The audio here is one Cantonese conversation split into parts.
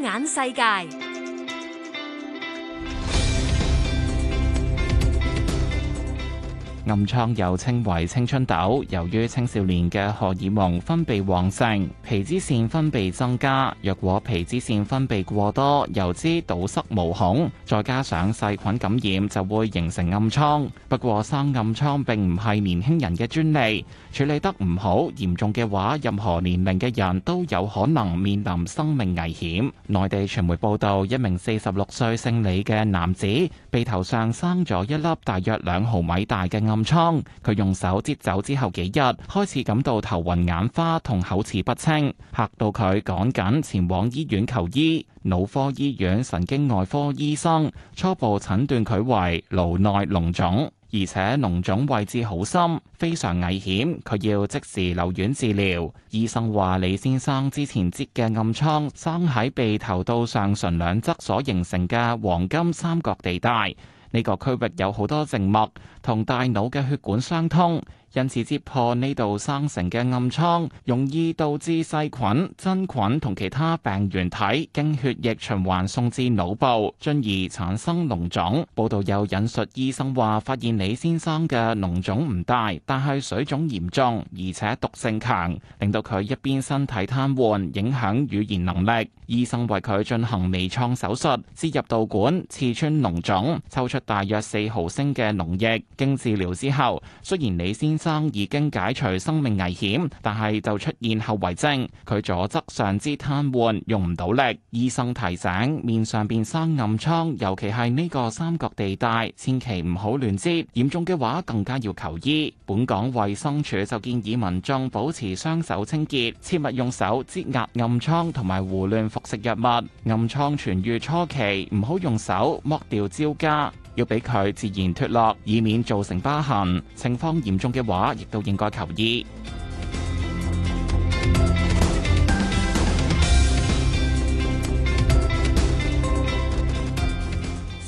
眼世界。暗瘡又稱為青春痘，由於青少年嘅荷爾蒙分泌旺盛，皮脂腺分泌增加。若果皮脂腺分泌過多，油脂堵塞毛孔，再加上細菌感染，就會形成暗瘡。不過生暗瘡並唔係年輕人嘅專利，處理得唔好，嚴重嘅話，任何年齡嘅人都有可能面臨生命危險。內地傳媒報道，一名四十六歲姓李嘅男子鼻頭上生咗一粒大約兩毫米大嘅暗瘡。瘡，佢用手擠走之後幾日，開始感到頭暈眼花同口齒不清，吓到佢趕緊前往醫院求醫。腦科醫院神經外科醫生初步診斷佢為顱內膿腫，而且膿腫位置好深，非常危險，佢要即時留院治療。醫生話：李先生之前擠嘅暗瘡生喺鼻頭到上唇兩側所形成嘅黃金三角地帶。呢個區域有好多靜脈同大腦嘅血管相通。因此，擠破呢度生成嘅暗瘡，容易導致細菌、真菌同其他病原體經血液循環送至腦部，進而產生膿腫。報道又引述醫生話，發現李先生嘅膿腫唔大，但係水腫嚴重，而且毒性強，令到佢一邊身體癱瘓，影響語言能力。醫生為佢進行微創手術，置入導管，刺穿膿腫，抽出大約四毫升嘅膿液。經治療之後，雖然李先生生已經解除生命危險，但係就出現後遺症。佢左側上肢癱瘓，用唔到力。醫生提醒，面上邊生暗瘡，尤其係呢個三角地帶，千祈唔好亂擠。嚴重嘅話，更加要求醫。本港衛生署就建議民眾保持雙手清潔，切勿用手擠壓暗瘡同埋胡亂服食藥物。暗瘡痊愈初期，唔好用手剝掉焦痂。要俾佢自然脫落，以免造成疤痕。情況嚴重嘅話，亦都應該求醫。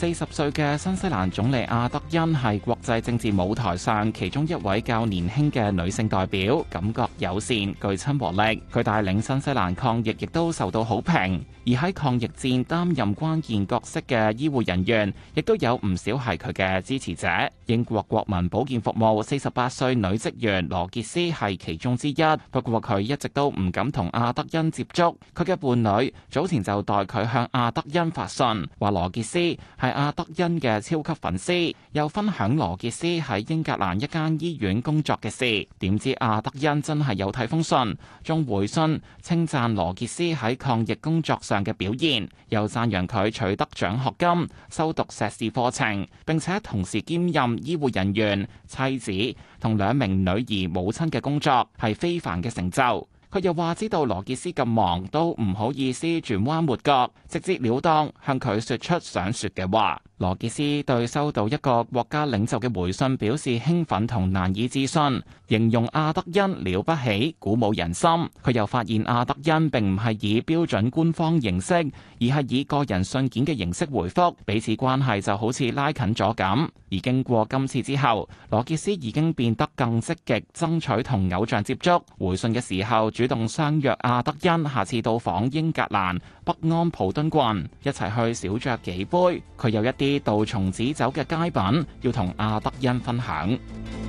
四十歲嘅新西蘭總理阿德恩係國際政治舞台上其中一位較年輕嘅女性代表，感覺友善、具親和力。佢帶領新西蘭抗疫亦都受到好評，而喺抗疫戰擔任關鍵角色嘅醫護人員，亦都有唔少係佢嘅支持者。英國國民保健服務四十八歲女職員羅杰斯係其中之一，不過佢一直都唔敢同阿德恩接觸。佢嘅伴侶早前就代佢向阿德恩發信，話羅杰斯係。阿德恩嘅超級粉絲，又分享羅傑斯喺英格蘭一間醫院工作嘅事，點知阿德恩真係有睇封信，仲回信稱讚羅傑斯喺抗疫工作上嘅表現，又讚揚佢取得獎學金、修讀碩士課程，並且同時兼任醫護人員、妻子同兩名女兒母親嘅工作，係非凡嘅成就。佢又話知道羅傑斯咁忙都唔好意思轉彎抹角，直截了當向佢說出想說嘅話。羅傑斯對收到一個國家領袖嘅回信表示興奮同難以置信，形容阿德恩了不起，鼓舞人心。佢又發現阿德恩並唔係以標準官方形式，而係以個人信件嘅形式回覆，彼此關係就好似拉近咗咁。而經過今次之後，羅傑斯已經變得更積極爭取同偶像接觸，回信嘅時候主主動相約阿德恩下次到訪英格蘭北安普敦郡，一齊去小酌幾杯。佢有一啲杜松子酒嘅佳品要同阿德恩分享。